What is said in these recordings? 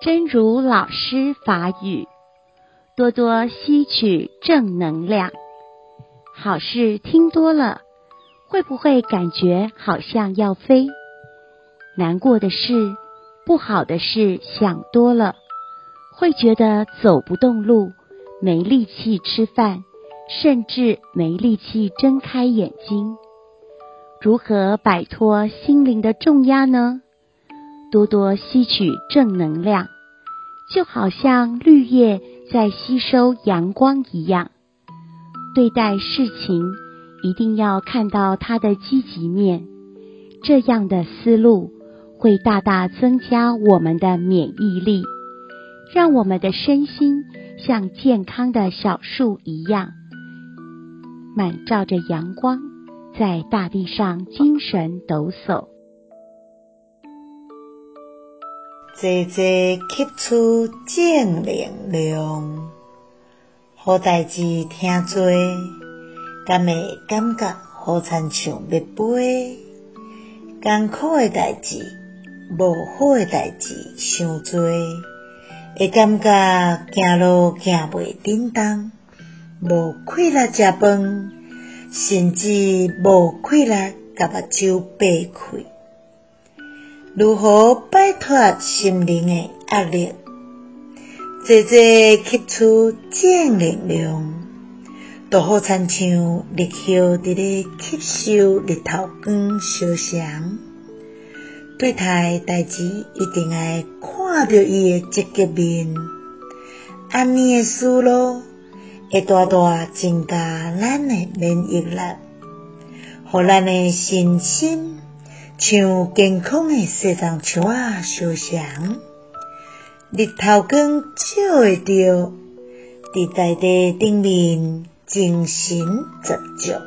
真如老師法語，多多吸取正能量。好事聽多了，會不會感覺好像要飛？難過的事、不好的事想多了，會覺得走不動路，沒力氣吃飯，甚至沒力氣睜開眼睛。如何擺脫心靈的重壓呢？多多吸取正能量，就好像綠葉在吸收陽光一樣。對待事情，一定要看到它的積極面，這樣的思路會大大增加我們的免疫力，讓我們的身心像健康的小樹一樣，滿照着陽光，在大地上精神抖擻。坐坐吸出靈靈，吸取正能量，好代志聽多，敢會感覺好親像欲飛。艱苦誒代志，無好誒代志傷多，會感覺行路行袂振動，無氣力食飯，甚至無氣力甲目睭擘開。如何擺脫心靈的壓力？多多吸取正能量，就好親像綠葉佇咧吸收日頭光相像。對待代志，一定愛看着伊誒積極面。安尼誒思路，會大大增加咱誒免疫力，互咱誒身心。像健康誒，小樹仔啊，相像，日頭光照會到，佇大地頂面精神抖擻，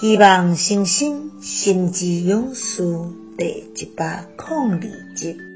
希望新生心之勇士第一百零二集。